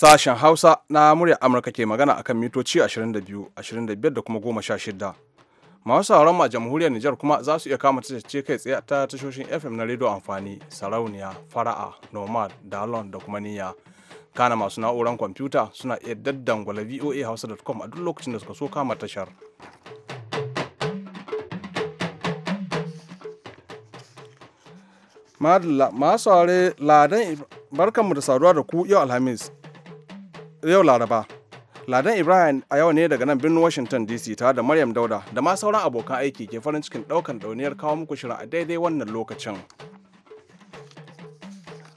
Sashen Hausa na muryar Amurka ke magana akan mitoci 22, 25 da kuma 16. Masu sauran a jamhuriyar Nijar kuma za su iya kama tattace kai tsaye ta tashoshin FM na rediyo amfani, sarauniya, fara'a, nomad, dalon da kuma niya Kana masu na'uran kwamfuta suna iya daddangwala voa hausa.com a duk lokacin da suka so kama tashar. Madalla, masu saurare ladan barkanmu da saduwa da ku yau Alhamis yau laraba ladan ibrahim a yau ne daga nan birnin washington dc tare da maryam dauda da ma sauran abokan aiki ke farin cikin daukan dauniyar kawo muku shirin a daidai wannan lokacin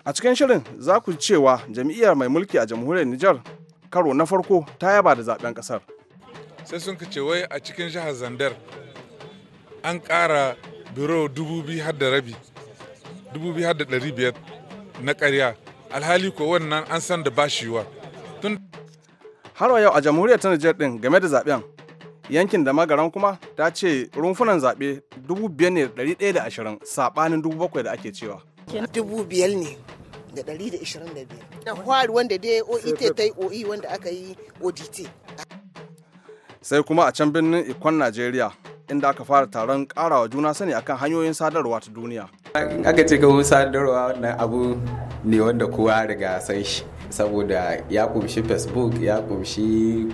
a cikin shirin za ku cewa jam'iyyar mai mulki a jamhuriyar niger karo na farko ta yaba da zaben kasar sai sun ce wai a cikin jihar zandar an kara biro dubu biyu har da rabi dubu biyu har da ɗari biyar na ƙarya alhali ko wannan an san da bashiwa har yau a jamhuriyar ta Nijar din game da zaben yankin da magaran kuma ta ce rumfunan zaɓe 5,120 saɓanin 7,000 da ake cewa. ne da ɗari da ishirin da Da hwari wanda dai OET ta yi oi e wanda aka yi ODT. Sai kuma a can birnin Ikon Najeriya inda aka fara taron karawa juna sani akan hanyoyin sadarwa ta duniya. Aka ce kan sadarwa wannan abu ne wanda kowa riga san shi. saboda ya kumshi facebook ya kumshi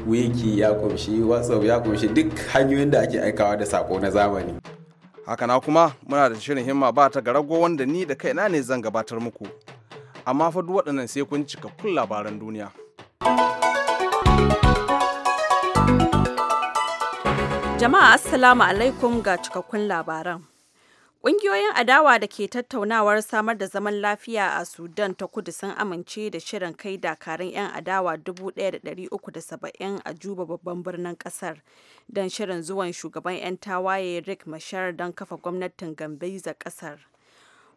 wiki ya kumshi whatsapp ya kumshi duk hanyoyin da ake aikawa da sako na zamani haka na kuma muna da shirin himma ba ta garago wanda ni da kaina ne zan gabatar muku amma fa duk waɗannan sai kun cika kun labaran duniya jama'a assalamu alaikum ga cikakkun labaran Ƙungiyoyin adawa da ke tattaunawar samar da zaman lafiya a Sudan ta kudu sun amince da shirin kai dakarun 'yan adawa 1,370 a Juba babban birnin kasar don shirin zuwan shugaban 'yan tawaye Rick Mashar don kafa gwamnatin Gambiza kasar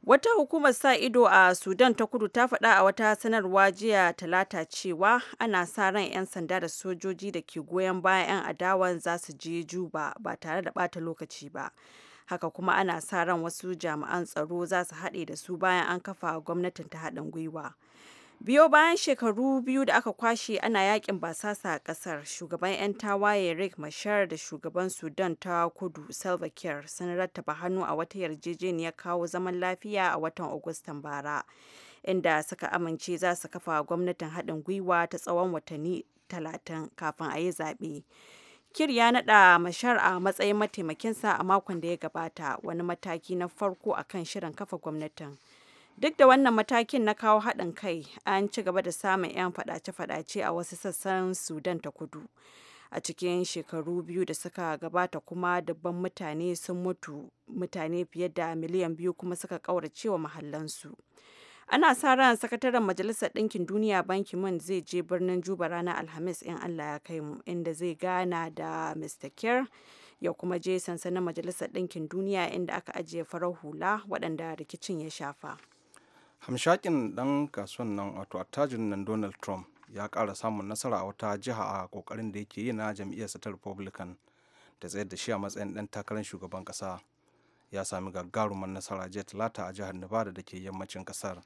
Wata hukumar sa ido a Sudan ta kudu ta faɗa a wata sanarwa jiya talata cewa ana sa ran 'yan sanda da sojoji da ke goyon bayan 'yan adawan za su je Juba ba tare da bata lokaci ba. haka kuma ana sa ran wasu jami'an tsaro za su haɗe da su bayan an kafa gwamnatin ta haɗin gwiwa biyo bayan shekaru biyu da aka kwashe ana yakin basasa a kasar shugaban 'yan tawaye rick mashar da shugaban sudan ta kudu salva sun rattaba hannu a wata yarjejeniyar kawo zaman lafiya a watan agustan bara inda suka amince za su kafa gwamnatin haɗin gwiwa ta tsawon watanni 30 kafin a yi zaɓe bakir ya naɗa Mashar a matsayin sa a makon da ya gabata wani mataki na farko a kan shirin kafa gwamnatin. Duk da wannan matakin na kawo haɗin kai, an ci gaba da samun 'yan fadace-fadace a wasu sassan Sudan ta kudu. A cikin shekaru biyu da suka gabata kuma dubban mutane sun mutu, mutane fiye da miliyan biyu kuma suka ƙaurace wa mahallansu. ana sa ran sakataren majalisar ɗinkin duniya banki man zai je birnin juba ranar alhamis in allah ya kai mu inda zai gana da mr kerr ya kuma je sansanin majalisar ɗinkin duniya inda aka ajiye farar hula waɗanda rikicin ya shafa hamshakin ɗan kasuwan nan wato attajin nan donald trump ya ƙara samun nasara a wata jiha a ƙoƙarin da yake yi na jam'iyyarsa ta republican da tsayar da shi a matsayin ɗan takarar shugaban ƙasa ya sami gagarumar nasara jiya talata a jihar nevada da ke yammacin ƙasar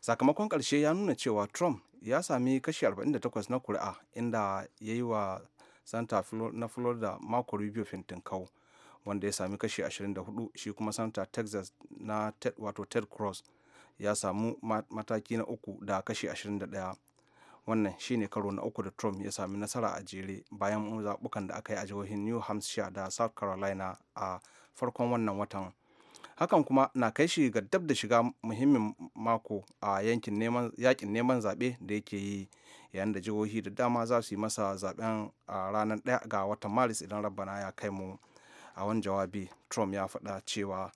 sakamakon karshe ya nuna cewa trump ya sami kashi 48 na kuri'a inda ya yi wa santa na florida mako rubio kau wanda ya sami kashi 24 shi kuma santa texas na ted, wato ted cross ya samu mataki na uku da kashi 21 wannan shi ne karo na uku da trump ya sami nasara a jere bayan zaɓukan da aka yi a jihohin new hampshire da south carolina a farkon wannan watan hakan kuma na kai shi ga dab da shiga muhimmin mako a yankin neman yakin neman zaɓe da yake yi yayin da jihohi da dama za su yi masa zaɓen a ranar 1 ga watan maris idan rabana ya kai mu a wani jawabi trump ya faɗa cewa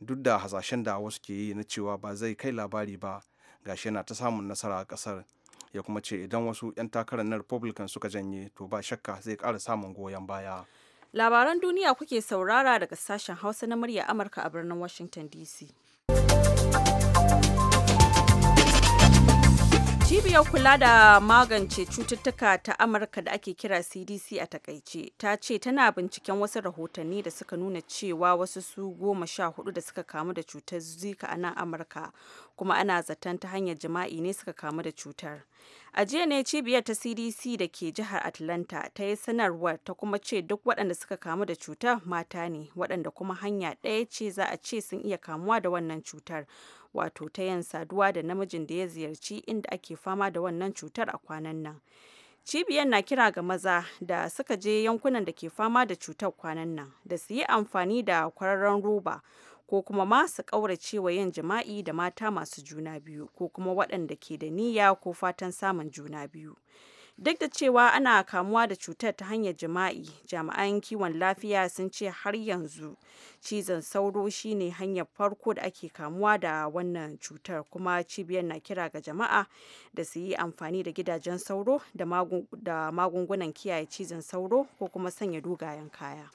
duk da hasashen da wasu ke yi na cewa ba zai kai labari ba gashi yana ta samun nasara a ƙasar ya kuma ce idan wasu 'yan takarar na republican suka janye to ba shakka zai ƙara samun goyon baya Labaran duniya kuke saurara daga sashen Hausa na murya Amurka a birnin Washington DC. Cibiyar kula da magance cututtuka ta Amurka da ake kira CDC a takaice ta ce tana binciken wasu rahotanni da suka nuna cewa wasu su goma sha hudu da suka kamu da cutar zika a nan Amurka kuma ana zaton ta hanyar jima'i ne suka kamu da cutar. A jiya ne cibiyar ta CDC da ke jihar Atlanta ta yi sanarwar ta kuma ce duk waɗanda suka kamu da cutar mata ne waɗanda kuma hanya ɗaya ce za a ce sun iya kamuwa da wannan cutar wato ta yin saduwa da namijin da ya ziyarci inda ake fama da wannan cutar a kwanan nan. Cibiyar na kira ga maza da suka je yankunan da ke fama da cutar kwanan nan da su yi amfani da kwararren roba ko kuma ma su ƙaurace yin jima'i da mata masu juna biyu ko kuma waɗanda ke da niyya ko fatan samun juna biyu. Duk da cewa ana kamuwa da cutar ta hanyar jima'i, jami'an kiwon lafiya sun ce har yanzu cizon sauro shine hanyar farko da ake kamuwa da wannan cutar kuma cibiyar na kira ga jama'a da su yi amfani da gidajen sauro da magungunan kiyaye cizon sauro ko kuma sanya dogayen kaya.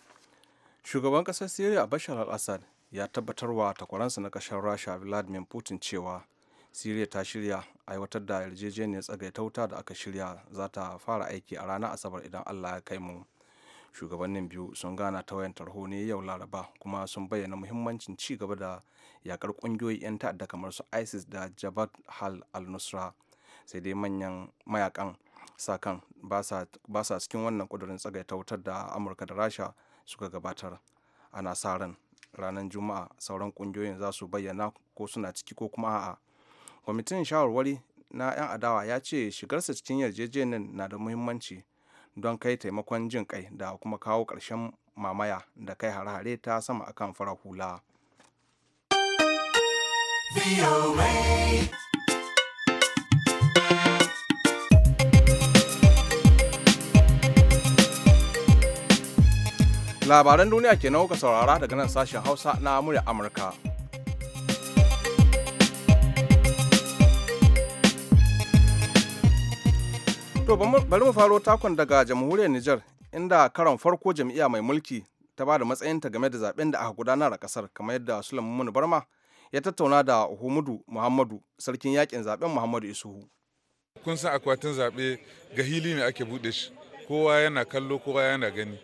Shugaban ƙasar Siriya Bashar al-Assad ya tabbatarwa takwaransa na kashar rasha vladimir putin cewa siriya ta shirya aiwatar da yarjejeniyar ta wuta da aka shirya za ta fara aiki a ranar asabar idan allah ya kai mu shugabannin biyu sun gana ta wayan tarho ne yau laraba kuma sun bayyana muhimmancin ci gaba da yakar kungiyoyi 'yan ta'adda kamar su isis da jabat hal al-nusra sai dai manyan mayakan sakan ba sa cikin wannan kudurin ta wutar da amurka da rasha suka gabatar ana sa ran ranar juma'a sauran kungiyoyin za su bayyana ko suna ciki ko kuma a'a kwamitin shawarwari na 'yan adawa ya ce shigarsa cikin yarjejeniyar na da muhimmanci don kai taimakon jin kai da kuma kawo ƙarshen mamaya da kai hare-hare ta sama akan fara hula. labaran duniya ke kuka saurara daga nan sashen hausa na murya amurka to bari mu faro takon daga jamhuriyar niger inda karon farko jam'iyya mai mulki ta ba da ta game da zaben da aka gudanar a kasar kamar yadda sulaiman barma ya tattauna da humudu muhammadu sarkin yakin zaben muhammadu isuhu kun san akwatin zaɓe ga hili ne ake buɗe shi kowa yana kallo kowa yana gani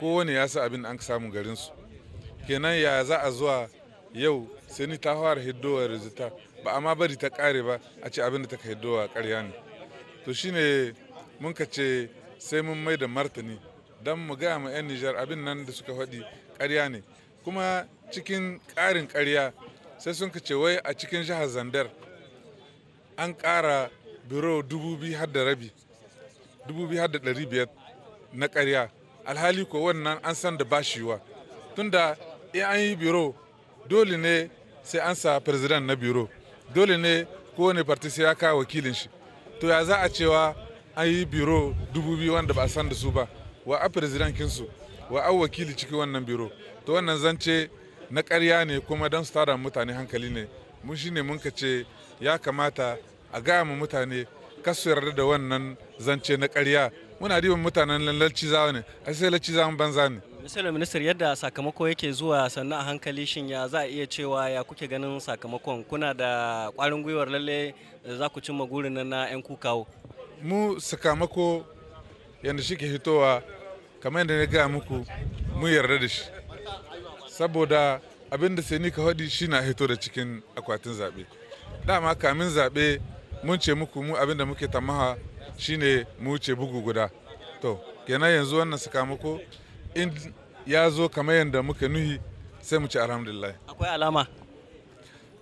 kowane ya sa abin an samu garinsu kenan ya za a zuwa yau sai ni ta fara hiddowa rizita ba amma bari ta kare ba a ce abin da ta hiddowa karya ne to shine mun ka ce sai mun mai da martani don mu gaya ma 'yan nijar abin nan da suka faɗi karya ne kuma cikin ƙarin karya sai sun ka ce wai a cikin jihar zandar an ƙara biro dubu biyu har da rabi dubu biyu har da ɗari biyar na karya alhali ko wannan an san da bashi yiwa tunda in an yi biro dole ne sai an sa president na biro dole ne kowane parti sai ya kawo wakilin shi to ya za a cewa an yi biro dubu biyu wanda ba a san da su ba wa a president kinsu wa a wakili ciki wannan biro to wannan zance na karya ne kuma don su tara mutane hankali ne mun shi ne mun ka ce ya kamata a gaya ma mutane kasu yarda da wannan zance na karya muna ribin mutanen lalci zawa ne a sai lalci zawa banza ne misali ministar yadda sakamako yake zuwa sannan a hankali shin ya za a iya cewa ya kuke ganin sakamakon kuna da kwarin gwiwar lalle za ku cimma gurin nan na 'yan kukawo mu sakamako yadda shi ke hitowa kamar yadda na gaya muku mu yarda da shi saboda abin da sai ni ka faɗi shi na hito da cikin akwatin zaɓe dama kamin zaɓe mun ce muku mu abin da muke tamaha shine mu ce bugu guda to kenan yanzu wannan sakamako in ya zo kamar yadda muka nuhi sai mu ci alhamdulillah akwai alama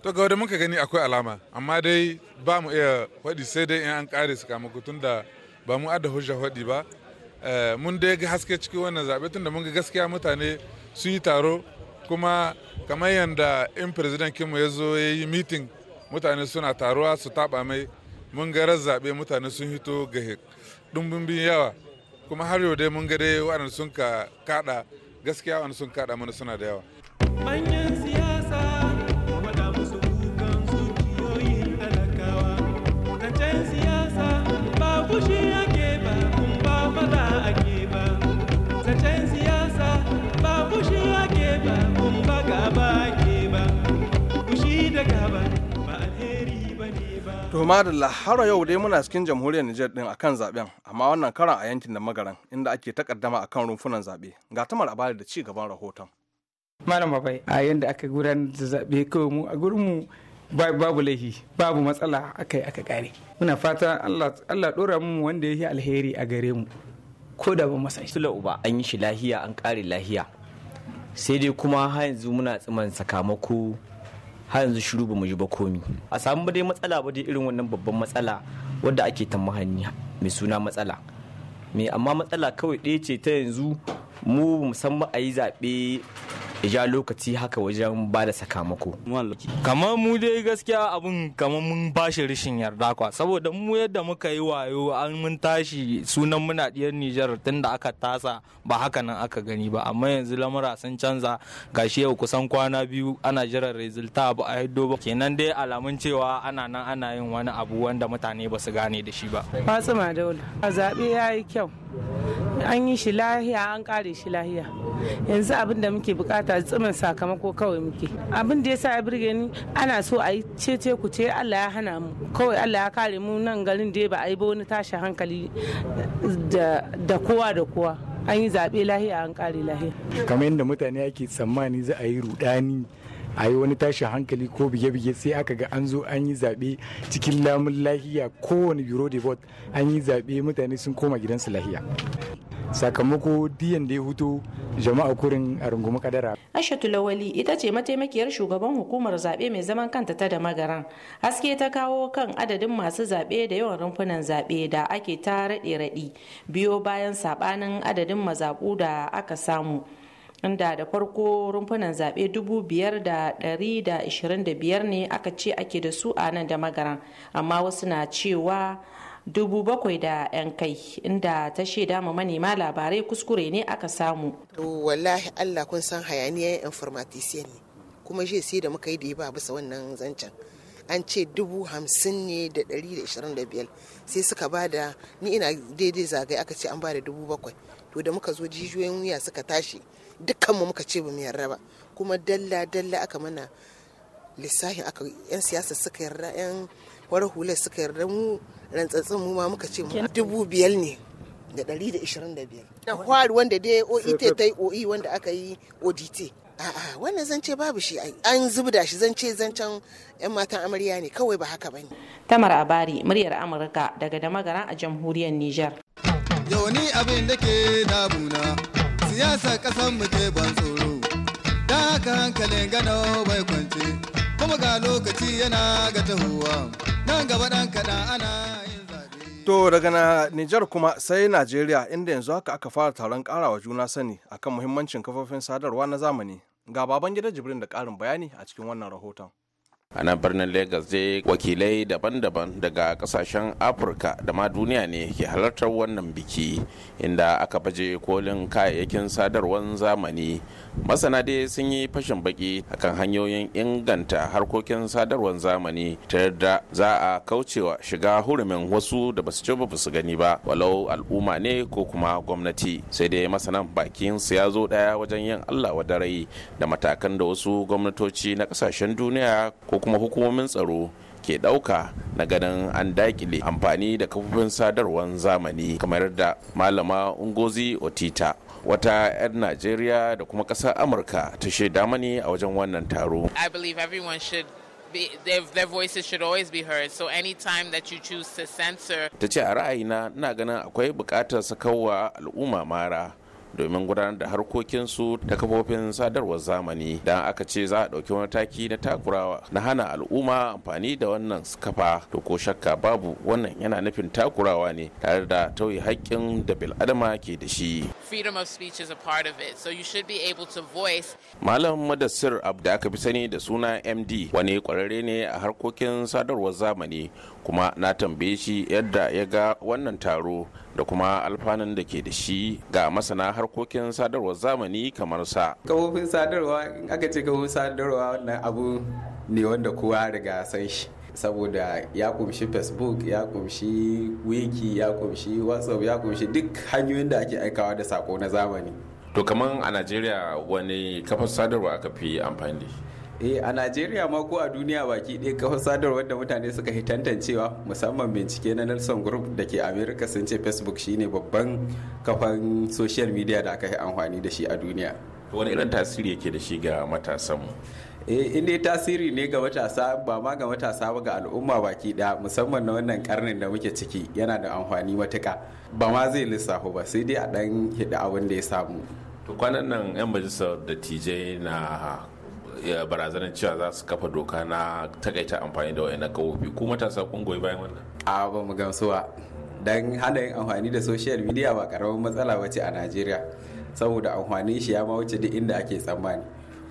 to ga wanda muka gani akwai alama amma dai ba mu iya faɗi sai dai in an ƙare sakamako tun da ba mu adda hujja faɗi ba eh, mun dai ga haske cikin wannan zaɓe tun da mun ga gaskiya mutane su yi taro kuma kamar yadda in president kinmu ya zo ya yi mitin mutane suna taruwa su taɓa mai mun ga zaɓe mutane sun hito ga ɗumbin bin yawa kuma har yau dai mun ga dai waɗanda sun ka kaɗa gaskiya waɗanda sun kaɗa mana suna da yawa. To madalla har yau dai muna cikin jamhuriyar Nijar din akan zaben amma wannan karan a yankin da magaran inda ake takaddama akan rumfunan zabe ga tamar da ci gaban rahoton. Malam babai a yanda aka gudanar da zabe kawai mu a gurin mu babu laifi babu matsala akai aka kare. Muna fata Allah Allah dora mu wanda yake alheri a gare mu. Ko da ba masa shi uba an yi shi lahiya an kare lahiya. Sai dai kuma har yanzu muna tsiman sakamako har yanzu shiru ba mu ji ba komi a samu dai matsala ba dai irin wannan babban matsala wadda ake ta mahanni mai suna matsala me amma matsala kawai ɗaya ce ta yanzu mu musamman a yi zaɓe ya lokaci haka wajen ba da sakamako kamar mu dai gaskiya abu kamar mun bashi rishin yarda kwa saboda mu yadda muka yi wayo an mun tashi sunan muna diyar Nijar tun da aka tasa ba haka nan aka gani ba amma yanzu lamura sun canza gashi yau kusan kwana biyu ana jiran resulta ba a hiddo ba kenan dai alamun cewa ana nan ana yin wani abu wanda mutane ba su gane da shi ba Fatima Daula a zaɓe ya yi kyau an yi shi lahiya an kare shi lahiya yanzu abin da muke bukata tsumin sakamako kawai muke abin da yasa ya birge ni ana so a yi cece ku ce Allah ya hana mu kawai Allah ya kare mu nan garin da ba a yi ba wani tashi hankali da kowa da kowa an yi zaɓe lahiya an kare lahiya kamar yadda mutane ake tsammani za a yi rudani a yi wani tashi hankali ko bige-bige sai aka ga an zo an yi zaɓe cikin lamun lahiya kowane bureau de vote an yi zaɓe mutane sun koma gidansu lahiya sakamako diyan da ya hutu jama'a kurin a rungumi kadara. Ashatu Lawali ita ce mataimakiyar shugaban hukumar zaɓe mai zaman kanta ta da magaran. Haske ta kawo kan adadin masu zaɓe da yawan rumfunan zaɓe da ake ta raɗe-raɗi biyo bayan saɓanin adadin mazaɓu da aka samu. inda da farko rumfunan zaɓe 5,125 ne aka ce ake da su a nan da magaran amma wasu na cewa dubu bakwai da 'yan kai inda ta shaida ma manema labarai kuskure ne aka samu. To wallahi Allah kun san hayaniya informatisiya ne kuma shi sai da muka yi da yi ba bisa wannan zancen. An ce dubu hamsin ne da ɗari da ishirin da biyar sai suka ba da ni ina daidai zagaye aka ce an ba da dubu bakwai to da muka zo jijiyoyin wuya suka tashi dukkanmu muka ce ba mu yarda ba kuma dalla dalla aka mana lissafi aka yan siyasa suka yarda yan wara hular suka yarda mu rantsatsin mu ma muka ce mu dubu biyar ne da ɗari da ishirin da biyar da hwari wanda dai oit e ta yi oe wanda aka yi odt a'a wannan zance babu shi an zubda shi zance zancen yan matan amarya ne kawai ba haka bane tamar abari muryar amurka daga damagara a jamhuriyar Nijar. yau abin da ke damuna siyasa kasan mu ke ban tsoro da haka hankalin gano bai kwance kuma ga lokaci yana ga tahowa nan gaba dan kaɗan ana To daga Nijar kuma sai Najeriya inda yanzu haka aka fara taron karawa juna sani akan muhimmancin kafofin sadarwa na zamani. Ga baban gida Jibrin da karin bayani a cikin wannan rahoton. a nan birnin lagos dai wakilai daban-daban daga kasashen afirka da ma duniya ne ke halartar wannan biki inda aka baje kolin kayayyakin sadarwar zamani masana dai sun yi fashin baki akan hanyoyin inganta harkokin sadarwar zamani ta yadda za a kaucewa shiga hurumin wasu da basu ci ba su gani ba walau al'umma ne ko kuma gwamnati sai dai masanan bakin su ya zo daya wajen yin allah wadarai da matakan da wasu gwamnatoci na kasashen duniya ko kuma hukumomin tsaro ke ɗauka na ganin an dakile amfani da kafofin sadarwar zamani kamar da malama ungozi otita wata 'yar najeriya da kuma ƙasar amurka ta shaida mani a wajen wannan taro i believe everyone should Be, be heard. So anytime that you choose to Ta ce a ra'ayina na ganin akwai bukatar sakawa al'umma mara domin gudanar da harkokinsu ta kafofin sadarwar zamani dan aka ce za a ɗauki wani taki na takurawa na hana al'umma amfani da wannan kafa to ko shakka babu wannan yana nufin takurawa ne tare da tauye haƙƙin da bil'adama ke da shi freedom of speech is a part of it so you should be able to voice malam madassir abda aka fi sani da suna md wani kwararre ne a harkokin sadarwar zamani kuma na tambaye shi yadda ya ga wannan taro da kuma alfanun da ke da shi ga masana harkokin sadarwar zamani kamar sa. Kafofin sadarwa in aka ce kafofin sadarwa wannan abu ne wanda kowa riga san shi. saboda ya kumshi facebook ya kumshi wiki ya kumshi whatsapp ya kumshi duk hanyoyin da ake aikawa da sako na zamani to kamar a najeriya wani kafar sadarwa aka fi amfani eh a najeriya ma ko a duniya baki ɗaya kafar sadarwar da mutane suka yi tantancewa musamman bincike na nelson group da ke Amerika sun ce facebook shine babban kafan social media da aka yi amfani da shi a duniya wani irin tasiri yake da shi ga matasanmu eh, in dai tasiri ne ga matasa ba ma ga matasa ba ga al'umma baki ɗaya musamman na wannan karnin da muke ciki yana da amfani matuka ba ma zai lissafa ba sai dai a ɗan hidda abin da ya samu to kwanan nan yan majalisar dattijai na barazanar cewa za su kafa doka na takaita amfani da wayannan kawofi ko matasa kun goyi bayan wannan a ba mu gamsuwa dan hana yin amfani da social media ba karamin matsala bace a Najeriya saboda amfanin shi ya ma wuce duk inda ake tsammani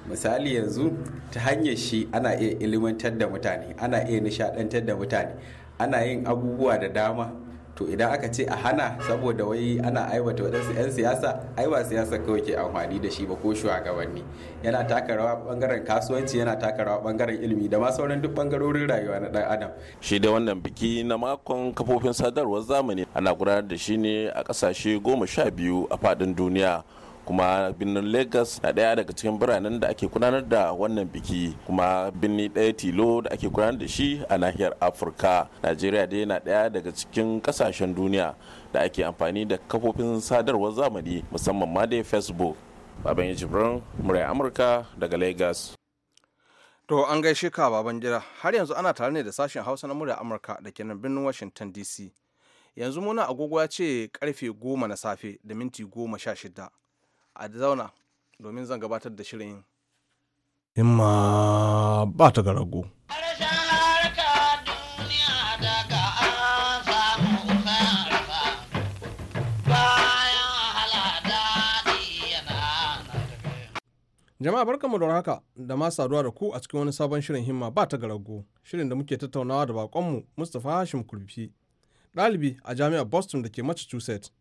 misali yanzu ta hanyar shi ana iya ilimantar da mutane ana iya nishadantar da mutane ana yin abubuwa da dama to idan aka ce a hana saboda wai ana aiwata waɗansu 'yan siyasa aiwa siyasa kawai ke amfani da shi ba ko shugabanni yana taka rawa bangaren kasuwanci yana taka rawa bangaren ilimi da ma sauran duk bangarorin rayuwa na dan adam shi da wannan biki na makon kafofin sadarwar zamani ana gudanar da shi ne a kasashe goma sha biyu a faɗin duniya kuma birnin lagos na daya daga cikin biranen da ake gudanar da wannan biki kuma birni daya tilo da ake gudanar da shi a nahiyar afirka najeriya dai na daya daga cikin kasashen duniya da ake amfani da kafofin sadarwar zamani musamman ma dai facebook baban ya jibrin murai amurka daga lagos to an gaishe ka baban gida har yanzu ana tare ne da sashen hausa na murya amurka da ke birnin washington dc yanzu muna agogo ya ce karfe goma na safe da minti goma sha shida a zauna domin zan gabatar da shirin himma ba ta ga rago Jama'a barkanmu da haka da ma saduwa da ku a cikin wani sabon shirin himma ba ta garago shirin da muke tattaunawa da bakonmu Mustapha Hashim Kurfi ɗalibi a jami'ar Boston da ke Massachusetts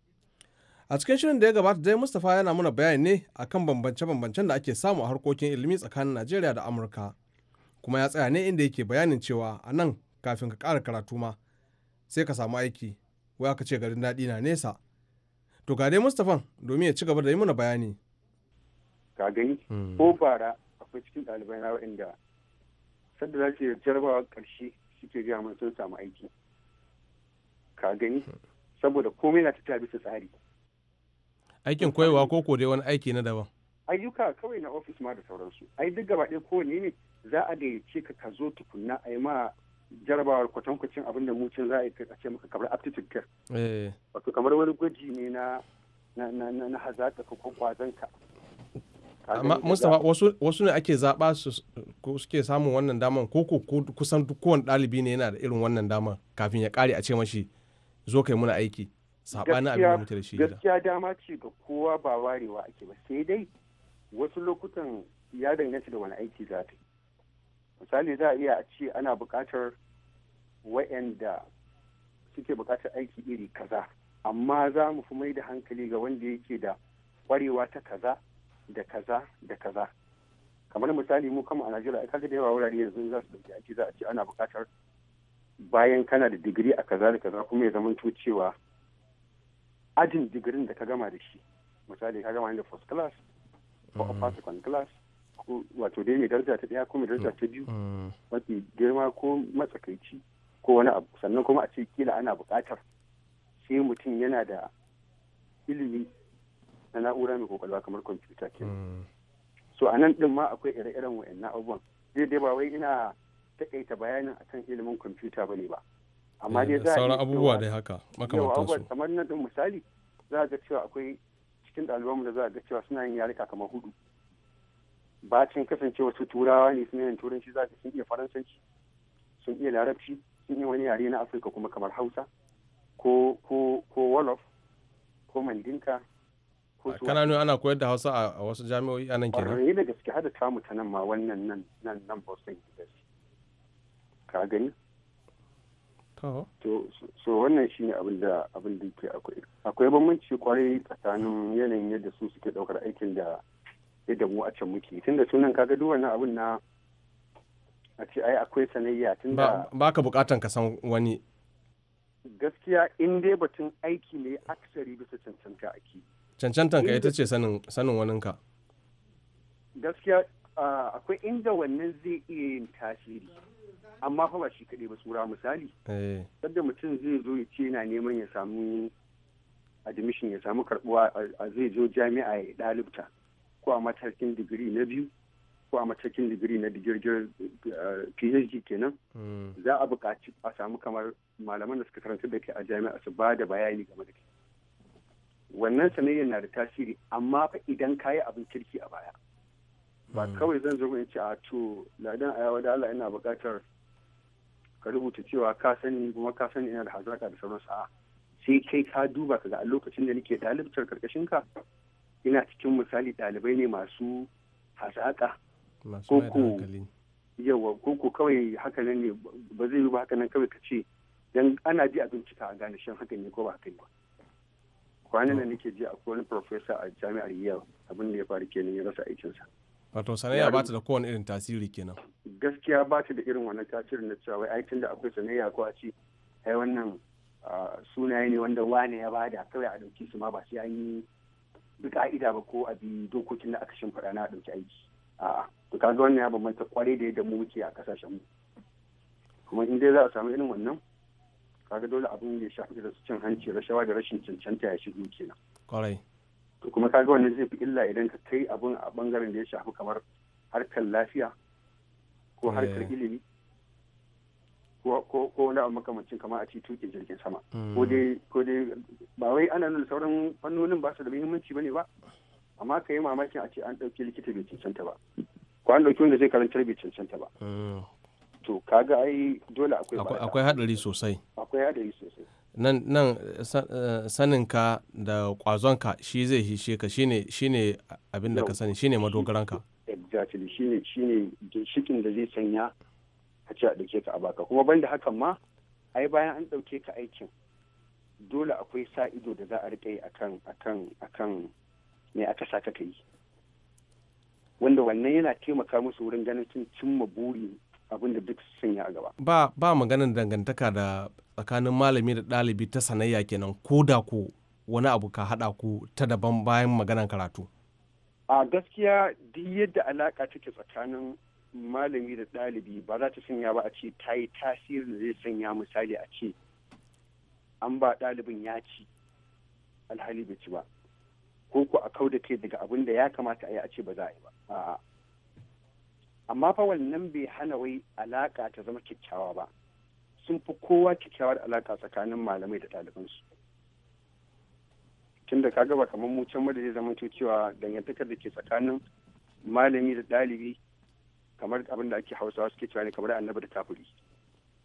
a cikin shirin da ya gabata dai mustapha yana muna bayani ne akan bambance-bambancen da ake samu a harkokin ilimi tsakanin najeriya da amurka kuma ya tsaya ne inda yake bayanin cewa a nan kafin ka kara karatu ma sai ka samu aiki wai aka ce garin daɗi na nesa to ga dai mustapha domin ya ci gaba da yi muna bayani ka gani hmm. ko bara akwai cikin ɗalibai na waɗanda sadda za jarabawa ƙarshe suke gaya sun samu aiki ka hmm. saboda komai na tafiya bisa tsari aikin koyewa ko ko dai wani aiki na daban ayyuka kawai na ofis ma da sauransu ai duk gaba ɗaya kowane ne za a ce ka ka zo tukunna a yi ma jarabawar kwacin abin da mucin za a yi a ce maka kamar aptitude care eh. wato kamar wani gwaji ne na na hazaƙa ko kwazon ka amma mustapha wasu wasu ne ake zaɓa su ko suke samun wannan daman ko ko kusan duk kowane ɗalibi ne yana da irin wannan daman kafin ya ƙare a ce mashi zo kai muna aiki sabanin abin da da shi gaskiya dama ce ga kowa ba warewa ake ba sai dai wasu lokutan ya danganci da wani aiki za ta yi misali za a iya a ce ana bukatar wa'anda suke bukatar aiki iri kaza amma za mu fi mai da hankali ga wanda yake da warewa ta kaza da kaza da kaza kamar misali mu kama a najeriya kaga da yawa wurare yanzu za su ɗauki aiki za a ce ana bukatar bayan kana da digiri a kaza da kaza kuma ya zama cewa ajin digirin da ka gama da shi misali ka gama da first class ko a mm. second class ko wato dai mai daraja ta daya ko mai daraja ta biyu mm. mafi girma ko matsakaici ko wani abu sannan kuma a ce kila ana buƙatar sai mutum yana da ilimi na na'ura mai kwakwalwa kamar kwamfuta ke mm. so a nan ɗin ma akwai ire-iren wa'annan abubuwan zai dai ba wai ina takaita bayanin akan ilimin kwamfuta ba ne ba amma dai eh, za a sauran abubuwa dai haka makamantan su kamar na misali za a ga cewa akwai cikin ɗaliban da za a ga cewa suna yin yarika kamar hudu bacin kasance wasu turawa ne suna yin turanci za su iya faransanci sun iya larabci sun iya wani yare na afirka kuma kamar hausa ko ko ko wolof ko mandinka kana nuna ana koyar da hausa a wasu jami'o'i a nan kenan ƙwararre da gaske hada ta nan ma wannan nan nan nan boston ka gani Oh. to so wannan shi ne abin da abin da ke akwai akwai bambanci kwarai tsakanin yanayin yadda su suke daukar aikin da yadda mu a can muke tunda sunan kaga duk wannan abin na a ce ai akwai sanayya tunda ba ka bukatan ka san wani gaskiya in dai batun aiki ne aksari bisa cancanta ake cancantan ka ita ce sanin sanin waninka gaskiya ah, akwai inda wannan zai iya yin tasiri amma fa ba shi kaɗai ba tsura misali eh. sadda mutum zai zo ya ce yana neman ya samu admission ya samu karbuwa a zai zo jami'a ya ɗalibta ko a matakin digiri na biyu ko a matakin digiri na digirgir eh, phd kenan hmm. za a buƙaci a samu kamar malaman da suka karanta da ke a jami'a su ba da bayani game da wannan sanayyar na da tasiri amma fa idan ka yi abin kirki a baya ba hmm. kawai zan zo in ce a to ladan a yawa da Allah ina buƙatar ka rubuta cewa ka sani kuma ka sani ina da hazaka da sauran sa'a sai kai ka duba ka ga a lokacin da nake dalibtar karkashin ka ina cikin misali ɗalibai ne masu hazaka koko yawa koko kawai haka nan ne ba zai yi ba haka nan kawai ka ce dan ana ji a bincika a gane shin haka ne ko ba kai ba kwanan da oh. nake ji a wani professor a jami'ar yau abin da ya faru kenan ya rasa aikinsa wato sanayya ba ta da kowane irin tasiri kenan gaskiya ba ta da irin wannan tasirin na cewa ai da akwai sanayya ko a ce ai wannan sunaye ne wanda wane ya bada kawai a dauki su ma ba sai an yi ka'ida ba ko a bi dokokin da aka shimfiɗa na a dauki aiki a'a to kaga wannan ya bambanta kwarai da yadda mu muke a kasashen mu kuma in dai za a samu irin wannan kaga dole abin ya shafi da cin hanci rashawa da rashin cancanta ya shigo kenan kwarai to kuma ka ga wannan zai fi illa idan ka kai abun a bangaren da ya shafi kamar harkar lafiya ko eh. harkar ilimi ko wani abu makamancin kamar a ci tuƙin jirgin sama hmm. ko dai ba wai ana nan sauran fannonin ba su da muhimmanci bane ba amma ka yi mamakin a ce an ɗauki likita bai cancanta ba ko an ɗauki wanda zai karantar bai cancanta ba hmm. to kaga ai dole akwai akwai hadari sosai akwai hadari sosai nan nan eh, saninka da kwazonka shi zai hishe ka shine shine abin da ka sani shine madogaranka exactly shine shine ginshikin da zai sanya a ce a dauke ka a baka kuma banda hakan ma ai bayan an dauke ka aikin dole akwai sa ido da za a rike akan akan akan me aka sa ka yi wanda wannan yana taimaka musu wurin ganin cin cimma buri abin da duk sun yi a gaba. Ba, ba maganin dangantaka da tsakanin malami da ɗalibi ta sanayya kenan ko da ko wani abu ka haɗa ku ta daban bayan maganan karatu a gaskiya duk yadda alaƙa take tsakanin malami da ɗalibi ba za ta sanya ba a ce ta yi tasirin da zai sanya misali a ce an ba ɗalibin ya ci alhali bai ci ba ko ku a kau da ke daga abin da ya kamata a yi a ce ba za a yi ba amma fa wannan bai hana wai alaƙa ta zama kyakkyawa ba sun fi kowa kyakkyawar alaka tsakanin malamai da ɗalibansu tunda ka gaba kamar mu can da zai zama cewa dangantakar da ke tsakanin malami da ɗalibi kamar abin da ake hausawa suke cewa ne kamar annabi da kafuri.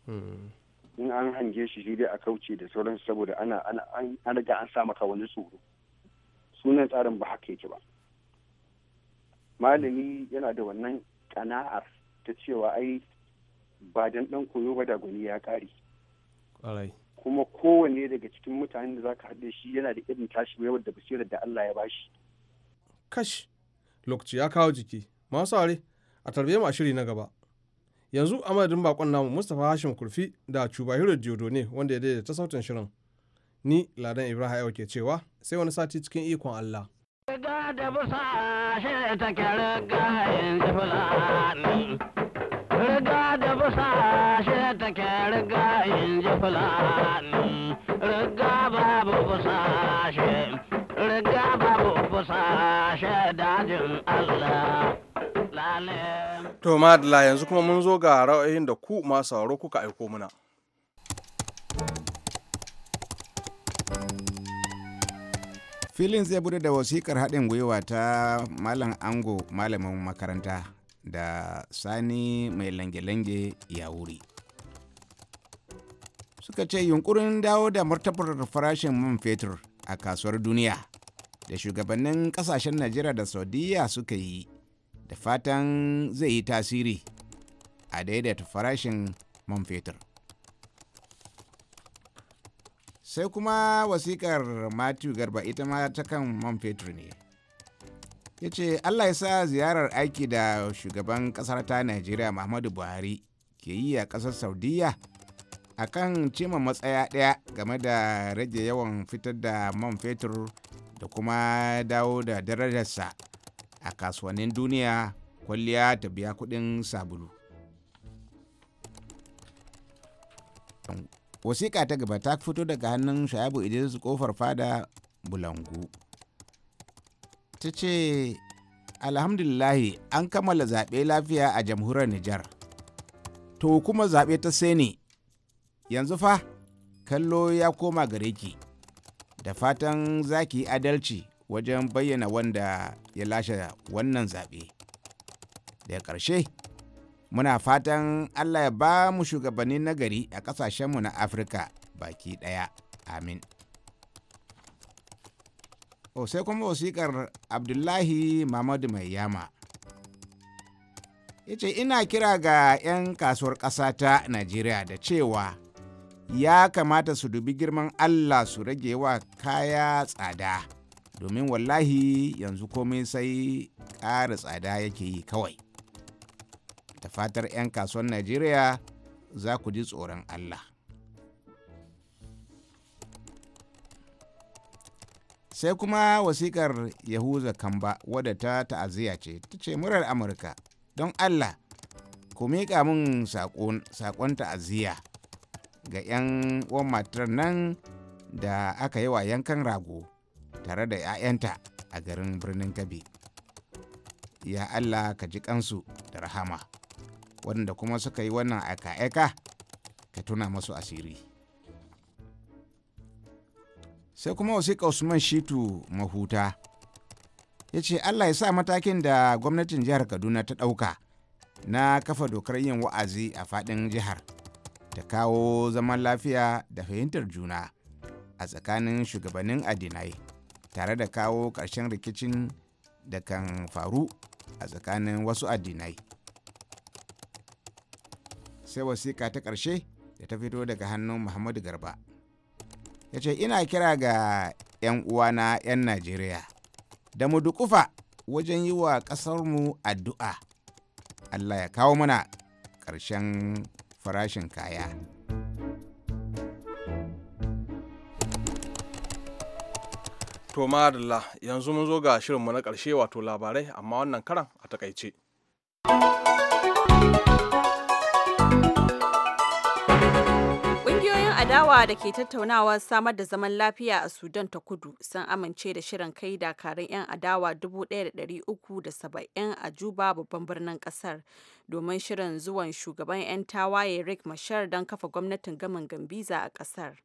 Hmm. in an hange shi shi dai a kauce da sauransu saboda ana an riga an sa maka wani tsoro sunan tsarin ba haka yake ba malami yana da wannan kana'ar ta cewa ai ba dan dan koyo ba da gwani ya kare kuma kowanne daga cikin mutanen da zaka haɗe shi yana da irin tashi wayar da basirar da Allah ya bashi kash lokaci ya kawo jiki masu are a tarbiyyar mu a shiri na gaba yanzu a madadin bakon namu mustapha hashim kurfi da cuba jodo ne wanda ya daidaita sautin shirin ni ladan ibrahim yau ke cewa sai wani sati cikin ikon allah Ga da busa shi ta kyar gahayin riga da busa shi take riga in ji fulani riga babu busa riga babu busa dajin Allah To Madala yanzu kuma mun zo ga ra'ayin da ku masu sauro kuka aiko muna. Filin zai bude da wasikar haɗin gwiwa ta Malam Ango malamin makaranta. da sani mai lange-lange ya wuri suka ce yunkurin dawo da martabar farashin man fetur a kasuwar duniya da shugabannin kasashen najeriya da saudiya suka yi da fatan zai yi tasiri a daidaita farashin man fetur sai kuma wasikar matthew garba ita ma ta kan man fetur ne ya ce allah ya sa ziyarar aiki da shugaban kasar ta najeriya muhammadu buhari ke yi a kasar saudiya a kan cima matsaya ɗaya game da rage yawan fitar da man fetur da kuma dawo da darajarsa a kasuwannin duniya kwalliya ta biya kudin sabulu wasiƙa ta gaba ta fito daga hannun shayabu idris kofar fada bulangu ta ce alhamdulillahi an kammala zaɓe lafiya a jamhuriyar Nijar. To kuma zaɓe ta seni yanzu fa kallo ya koma gare ki da fatan za ki adalci wajen bayyana wanda ya lashe wannan zaɓe. Daga ƙarshe muna fatan Allah ya ba mu shugabanni nagari a ƙasashenmu na Afirka baki ɗaya. Amin. o sai kuma wasikar abdullahi mamadu mai yama yace ina kira ga 'yan kasuwar ƙasa ta najeriya da cewa ya kamata su dubi girman allah su rage wa kaya tsada domin wallahi yanzu komai sai ƙara tsada yake yi kawai ta fatar 'yan kasuwar najeriya za ku ji tsoron allah sai kuma wasikar yahuza kamba wadda ta ta'aziyya ce ta ce murar amurka don allah ku miƙa min saƙon ta'aziyya ga 'yan uwan matar nan da aka yi wa yankan rago tare da 'ya'yanta a garin birnin gabi ya allah ka ji kansu da rahama waɗanda kuma suka yi wannan aika-aika ka tuna masu asiri sai kuma wasiƙa usman shitu mahuta ya ce allah ya sa matakin da gwamnatin jihar kaduna ta ɗauka na kafa dokar yin wa'azi a faɗin jihar ta kawo zaman lafiya da fahimtar juna a tsakanin shugabannin addinai tare da kawo ƙarshen rikicin da kan faru a tsakanin wasu addinai sai wasiƙa ta ƙarshe da ta fito daga hannun muhammadu garba ya ce ina kira ga 'yan uwana 'yan najeriya da mu dukufa wajen yi wa ƙasarmu addu'a allah ya kawo mana ƙarshen farashin kaya to madalla yanzu mun zo ga shirinmu na ƙarshe wato labarai amma wannan karan a takaice. yawa da ke tattaunawa samar da zaman lafiya a Sudan ta kudu sun amince da shirin kai dakarun 'yan adawa 1,370 a Juba babban birnin kasar domin shirin zuwan shugaban 'yan tawaye Rick Mashar don kafa gwamnatin gamin Gambiza a kasar.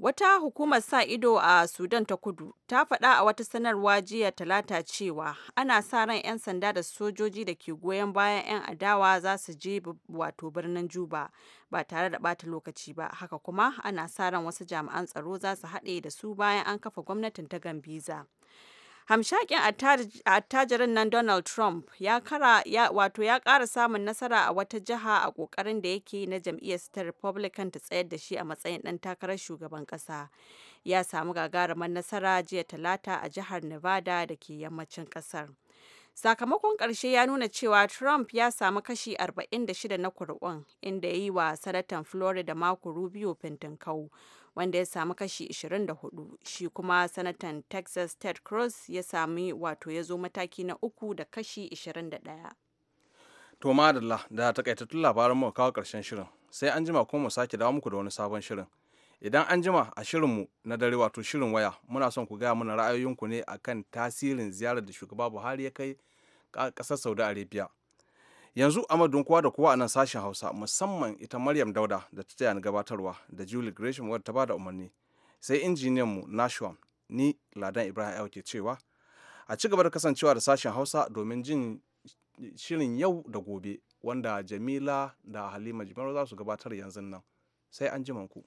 Wata hukumar sa ido a Sudan ta kudu ta faɗa a wata sanarwa jiya talata cewa ana sa ran 'yan sanda da sojoji da ke goyon bayan 'yan adawa za su je wato birnin Juba ba tare da bata lokaci ba. Haka kuma ana sa ran wasu jami'an tsaro za su haɗe da su bayan an kafa gwamnatin ta Gambiza. hamshakin attajirin nan donald trump ya kara ya wato ya kara samun nasara a wata jiha a kokarin da yake na jam'iyyar ta republican ta tsayar da shi a matsayin dan takarar shugaban kasa ya samu gagarumar nasara jiya talata a jihar nevada da ke yammacin kasar sakamakon ƙarshe ya nuna cewa trump ya samu kashi 46 na kuri'un inda ya yi wa sanatan florida mako rubio fintinkau wanda ya samu kashi 24 shi kuma sanatan texas ted cruz ya sami wato ya zo mataki na uku da kashi 21 to madalla da takaitattun labaran mu kawo karshen shirin sai an jima kuma mu sake dawo muku da wani sabon shirin idan an jima a mu na dare wato shirin waya muna son ku gaya mana ra'ayoyinku ne akan tasirin ziyarar da shugaba buhari ya kai ƙasar saudi arabia yanzu amadun kowa da kowa a nan sashen hausa musamman ita maryam dauda da ta taya ni gabatarwa da julie gresham wadda ta bada umarni sai injiniyan mu nashwam ni ladan ibrahim ke cewa a ci gaba da kasancewa da sashen hausa domin jin shirin yau da gobe wanda jamila da halima jimaru za su gabatar yanzu nan sai an ku.